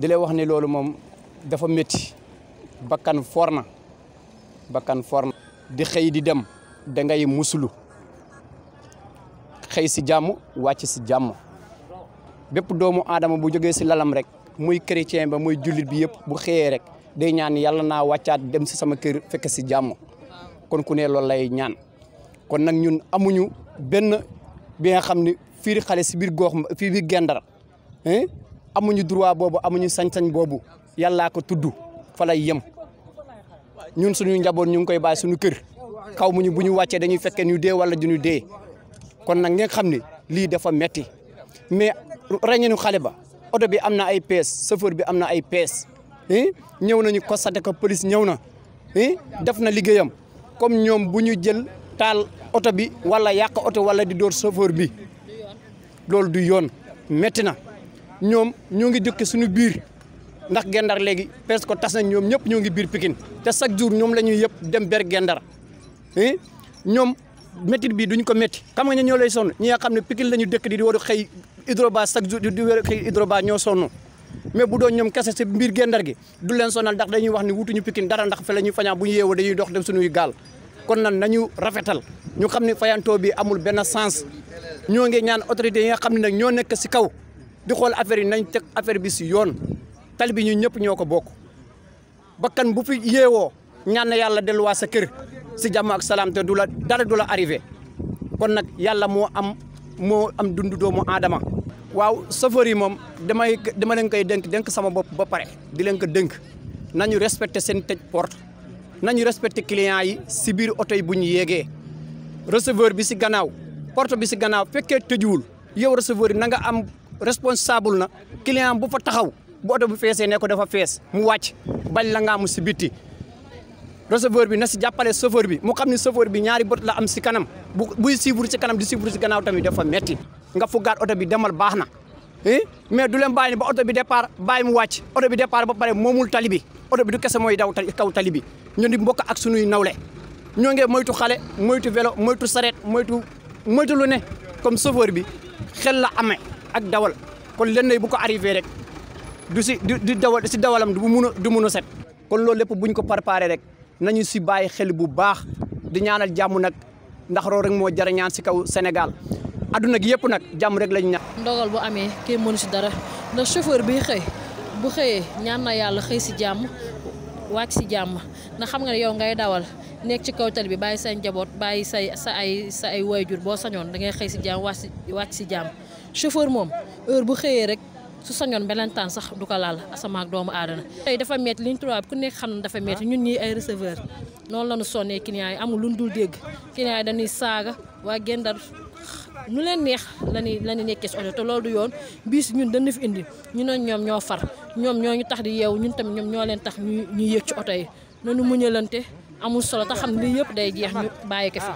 di wax ni loolu mom dafa metti bakkan forna bakkan forna di xey di dem da ngay musulu xey si jamu wacc si jàmm bepp doomu adama bu joge si lalam rek muy chrétien ba muy julit bi yep bu rek day ñaan yalla na waccat dem si sama kër fekk si jàmm kon ku ne loolu lay ñaan kon nak ñun amuñu ben bi nga xamni xale si bir gox fi bi gendar amuñu droit bobu amuñu sañ-sañ bobu yalla ko tuddu fa lay yem ñun suñu njaboot ñu koy bàyyi suñu kër kaw muñu buñu wacce dañuy fekke ñu dé wala juñu dé kon nak nga xamni li dafa metti mais rañinu xalé ba auto bi amna ay pèse chauffeur bi amna ay pèse pees ñew nañu constaté ko police ñewna na def na ligéyam comme ñom buñu jël tal auto bi wala yak auto wala di door chauffeur bi loolu du yoon metti Nyom nyongi ngi dëkk suñu biir ndax gendar léegi presque tass na ñoom ñëpp ñoo ngi biir Pikine te chaque jour lañuy yep dem ber gendar nyom eh? meti bi duñ ko metti xam nga ñoo lay sonu ñi nga xamne Pikine la dëkk di di war a xëy hydroba chaque jour di war xey xëy hydroba ñoo sonu mais bu do ñom kese ci mbir gendar gi du len sonal ndax dañuy wax ni ñu Pikine dara ndax fa la fañaa bu ñu dañuy dox dem sunu gal kon nan nañu rafetal ñu xam fayanto bi amul ben sens ñoo ngi ñaan autorité yi nga xam nak ñoo nekk ci kaw di xol affaire yi nañ tek affaire bi ci yoon tali bi ñu ñëpp ñoo ko bokk bakkan bu fi yewoo ñaan na delu wa sa kër ci jamm ak salam te dula dara dula arrivé kon nak yàlla mo am mo am dundu mo adama waaw chauffeur yi mom, demay dama leen koy denk denk sama bop ba paré di leen ko denk nañu respecter sen tej porte nañu respecter client yi ci biir auto yi buñu yégué receveur bi ci gannaaw porte bi ci gannaaw fekke tejuul yow receveur nga am responsable na client bu fa taxaw bu oto bu feesee ne ko dafa fees mu wàcc bañ la ngaamu si bitti receveur bi na si jàppale chauffeur bi mu xam ne chauffeur bi ñaari bët la am si kanam bu buy suivre si kanam di suivre si gannaaw tamit dafa metti nga fuggaat oto bi demal baax na eh? mais du leen bàyyi ba oto bi départ bàyyi mu wàcc oto bi départ ba pare moomul tali bi oto bi du kese mooy daw kaw tali bi ñu di mbokk ak sunuy nawle ñoo ngi moytu xale moytu vélo moytu sareet moytu moytu lu ne comme chauffeur bi xel la amee ak dawal kon lenn bu ko arrivé rek du si du dawal si dawalam du mun a du mun a set. kon loolu lépp buñ ko préparé rek nañu si bàyyi xel bu baax di ñaanal jàmm nag ndax loolu rek moo jara si kaw Sénégal adduna gi yëpp nag jàmm rek lañu ñaan. ndogal bu amee kenn mënu si dara ndax chauffeur bi xëy bu xëyee ñaan na yàlla xëy si jàmm. wàcc si jàmm ndax xam nga ne yow ngay dawal nekk ci kaw tali bi bàyyi say njaboot bàyyi say sa ay sa ay waajur boo sañoon da ngay xëy si jàmm wàcc si wàcc si jàmm chauffeur moom heure bu xëyee rek su sañoon belantaan sax du ko laal asamaak doomu aadana tey dafa metti ligne 3 bi ku nekk xam na dafa metti ñun nii ay receveur noonu la ñu sonnee client yi amul lu dul dégg client yi saaga waa Gendar nu leen neex la ñuy la ñuy nekkee si oto te loolu du yoon biis ñun dañu fi indi ñu ne ñoom ñoo far ñoom ñoo ñu tax di yeewu ñun tamit ñoom ñoo leen tax ñu ñuy yëg ci oto yi nanu muñalante amul solo te xam ne day jeex ñu bàyyi ko fi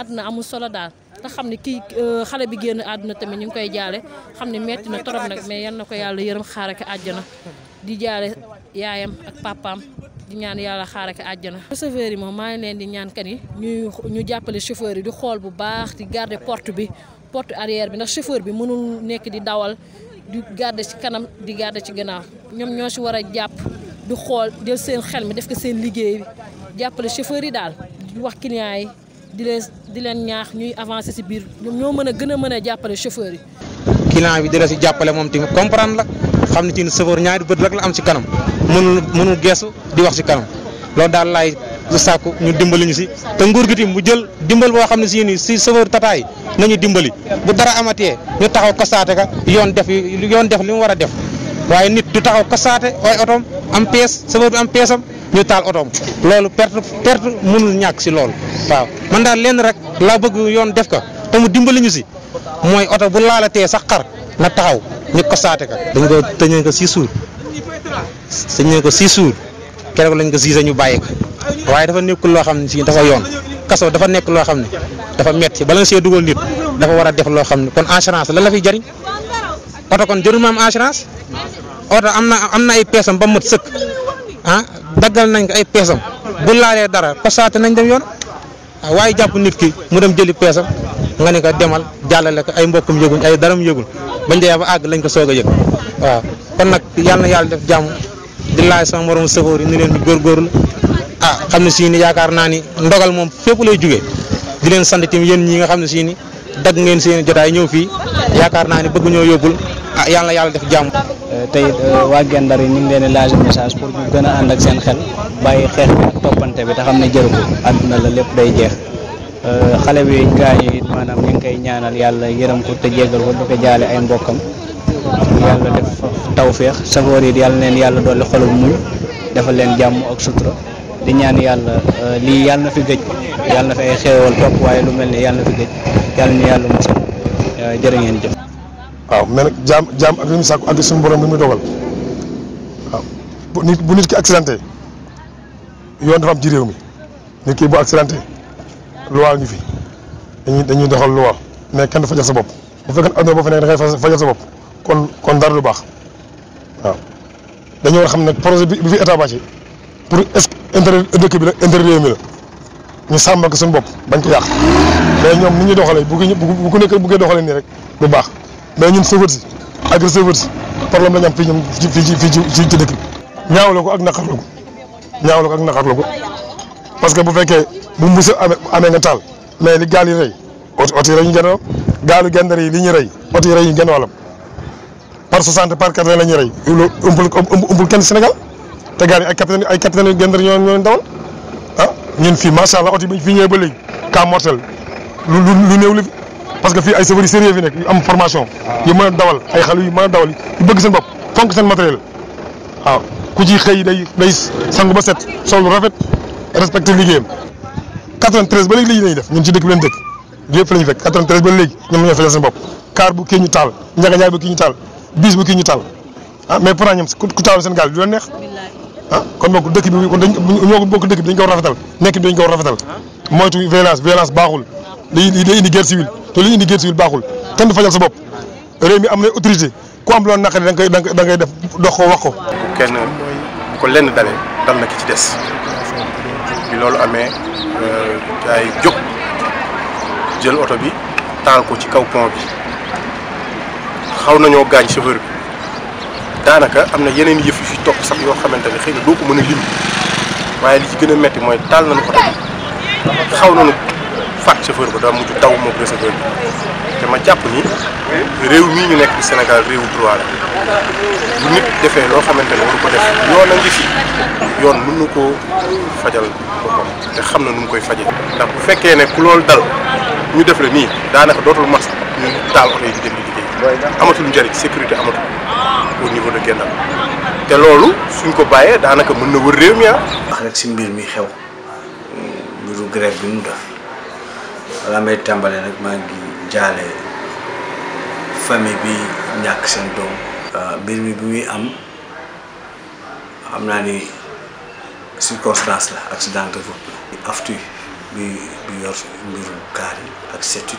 àdduna amul solo daal te xam ne kii euh, xale bi génn àdduna tamit ñu ngi koy jaale xam ne metti na torop nag mais yan na ko yàlla yërëm xaare ko àjjana di jaale yaayam ak papaam di ñaan yàlla xaaral ko àjjana. chauffeur yi moom maa ngi leen di ñaan kan yi ñuy ñu jàppale chauffeur yi di xool bu baax di garder porte bi porte arrière bi ndax chauffeur bi mënul nekk di dawal di garder ci kanam di garder ci gannaaw ñoom ñoo si war a jàpp du xool jël seen xel mi def ko seen liggéey bi jàppale chauffeur yi daal di wax client yi di leen di leen ñaax ñuy avancer si biir ñoom ñoo mën a gën a mën a jàppale chauffeur yi. client bi dina si jàppale moom tamit comprendre la xam ne ci chauffeur ñaari bët rek la am ci kanam. mënul mënul geesu di wax ci kanam loolu daal laay sàkku ñu dimbali ñu si te nguur gi tamit bu jël dimbal boo xam ne si ni si sëfër tataay yi nañu dimbali bu dara amatee ñu taxaw kasaate ka yoon def yoon def li mu war a def waaye nit du taxaw kasaate waaye otoom am pees sëfër bi am peesam ñu taal otoom loolu perte perte mënul ñàkk si loolu waaw man daal lenn rek laa bëgg yoon def ko te mu dimbali ñu si mooy oto bu laalatee sax xar na taxaw ñu kasaate ka dañ ko tëñee ko six jours sëñ ne ko six jours keroog lañ ko six ñu bàyyi ko waaye dafa nekkul loo xam ne si dafa yoon kaso dafa nekk loo xam ne dafa metti bala nga see dugal nit dafa war a def loo xam ne kon assurance lan la fiy jariñ oto kon jëru ma am assurance oto am na am na ay peesam ba mët sëkk ah daggal nañ ko ay peesam bu laalee dara pasaate nañ dem yoon ah, waaye jàpp nit ki mu dem jëli peesam nga ne ko demal jàllale ko ay mbokkum yëguñ ay daram yëgul bañ dee ba àgg lañ ko soog a yëg waaw kon nag yàlla na yàlla def jàmm di laa sama moromu sëfoor yi ni leen di góorgóorlu ah xam ne si ni yaakaar naa ni ndogal moom fépp lay jóge di leen sant tamit yéen ñi nga xam ne si ni dagg ngeen seen jotaay ñëw fii yaakaar naa ni bëgg ñoo yóbbul ah yàlla yàlla def jàmm. Eh, tey eh, waa Guet Ndar yi ñu ngi leen di laaj message pour ñu gën a ànd ak seen xel bàyyi xeex bi ak toppante bi te xam ne jëru ko àdduna la lépp day jeex eh, xale bi gaañ yi maanaam ñu ngi koy ñaanal yàlla yërëm ko te jéggal ko di ko mbokkam tawféex safoor yi yalla neen yàlla dolli xolub muñ defal leen jamm ak sutura di ñaan yalla euh, li yalla na fi gej yalla na fi ay xewal top waye lu melni yalla na fi gej yalla ni yalla mu sa euh, jere ngeen jëf waaw mel nag jaam jaam ak limu mu sàkku ak sun borom limu dogal waaw bu nit bu nit ki accidenté yoon dafa am ci rew mi nit ki bu accidenté loi ngi fi dañuy dañuy doxal loi mais kenn jax sa bop bu fekkene adno bo fa nek da ngay fa jax sa bop kon kon dara du bax waaw dañoo xam ne projet bi bi fi état bàcce pour est intérêt dëkk bi la intérêt réew la ñu sàmm ak suñu bopp bañ ko yàq mais ñoom ni ñu doxalee bu bu ku nekk bu koy doxalee nii rek bu baax mais ñun sëfër si ak sëfër si problème la ñu am fii ñoom fii ci fii ci dëkk bi. ñaawloo ko ak naqarloo ko ñaawloo ko ak naqarloo ko parce que bu fekkee bu mbuus amee amee nga taal mais li gaal yi rey oto rey ñu gën gaalu gendar yi li ñu rey oto yi rey ñu gën a par 60 par 80 la ñuy rey loolu umpul umpul kenn Sénégal ah, fi ñëwee ba léegi cas mortel lu lu néew parce que fii ay chauffeurs sérieux fi nekk yu am formation. yu mën a dawal ay xale yu mën dawal yu bëgg seen bopp fonk seen ku ci xëy day day sangu ba set sol lu rafet respecté liggéeyam. 93 ba léegi léegi lañuy def ñun ci dëkk bi leen dëkk yëpp la ñu fekk 93 ba léegi ñoom ñu taal njaga njaay bu kii ñu taal bis bu kii ñu taal ah mais pourtant ñoom ku taal seen gaal du leen neex ah kon boog dëkk bi kon dañ ñoo bokk dëkk bi dañ ko war a rafetal nekk bi dañ koo war a rafetal ah. moytu violence violence baaxul day day indi guerre civile te li indi guerre civile baaxul kenn du fajal sa bopp réew mi am na autorité ku am loolu naqari da ngay da ngay def dox ko wax ko. bu kenn bu ko lenn dalee dal na ki ci des bi loolu amee euh, ay jóg jël oto bi taal ko ci kaw pont xaw nañoo gaañ chauffeur bi daanaka am na yeneen yëf yu fi topp sax yoo xamante ne xëy na doo ko mën a lim waaye lii ci gën a metti mooy taal nañu oto bi xaw nañu faat chauffeur ba daa mujj daw moom receveur bi te ma jàpp ni réew mii ñu nekk di Sénégal réewu droit bu nit defee loo xamante ne waru fi yoon mën na koo fajal na nu koy faje ndax bu fekkee ne ku loolu dal ñu def la nii daanaka dootul mas ñu taal oto yi di dem di amatul njëriñ sécurité amatul au niveau de Guet Ndar te loolu suñ ko bàyyee daanaka mën na wër réew mi ah. wax rek si mbir mi xew mbiru grève bi mu def wala may tàmbale nag maa ngi jaale famille bi ñàkk seen doom. Ah, mbir mi bi muy am xam naa ni circonstance la accident de route la. bi bi yor mbiru kaar ak setit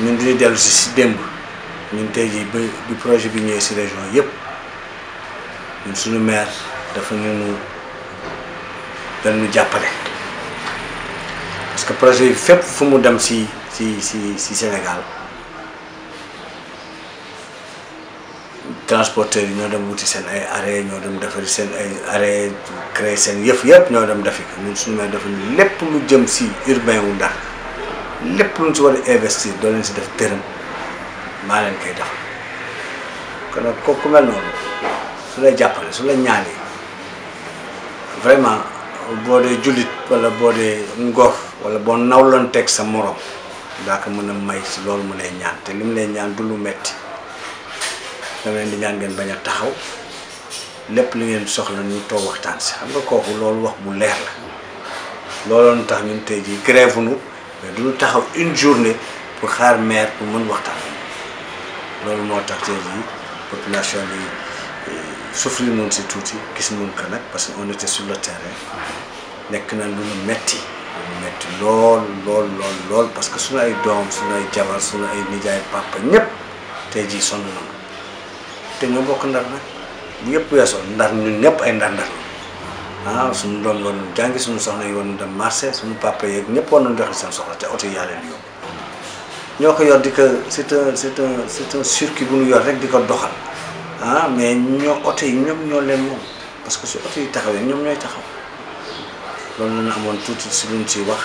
ñun dañuy dellu si si démb ñun tey jii bi projet bi ñëwee si région yëpp ñun suñu maire dafa ñu dañu jàppale parce que projet yi fépp fu mu dem si si si si Sénégal transporteurs yi ñoo dem wuti seen ay arrêt ñoo dem defari seen ay arrêt créer seen yëf yëpp ñoo dem defi ko ñun suñu maire dafa ñu lépp lu jëm si urbain wu Ndar lepp lu ci wara investir do len ci def terum ma len kay defal kon ko ko mel non su lay jappale su lay ñaané vraiment bo dee julit wala bo dee ngof wala boo nawloon tek sa morom da ka mën may ci loolu mu lay ñaan te lim lay ñaan du lu metti da leen di ñaan ngeen baña taxaw lepp li ngeen soxla ñu to waxtaan ci xam nga kooku loolu wax bu leer la looloon tax ñun tay ji grève nu mais duñu taxaw une journée pour xaar maire pour mën waxtaan loolu moo tax tey jii population bi euh, souffrir noonu si tuuti gis nañu ko nag parce que on était sur le terrain nekk na lu nu metti lu metti lool lool lool lool parce que suñu ay doom suñu ay jabar suñu ay nijaay papa ñëpp tey jii sonn nañu te ñu bokk ndar nag bu yëpp weesoo ndar ñun ñëpp ay ndar-ndar ah suñu doom yi war nañu suñu soxna yi war nañu dem marché suñu papa yeeg ñëpp war nañu doxi seen soxla te oto yi yaa leen yóbbu ñoo ko yor di ko c'est un c'est un c'est circuit bu ñu yor rek di ko doxal ah mais ñoo oto yi ñoom ñoo leen moom parce que su oto yi taxawee ñoom ñooy taxaw loolu la ñu amoon tuuti si luñ ciy wax.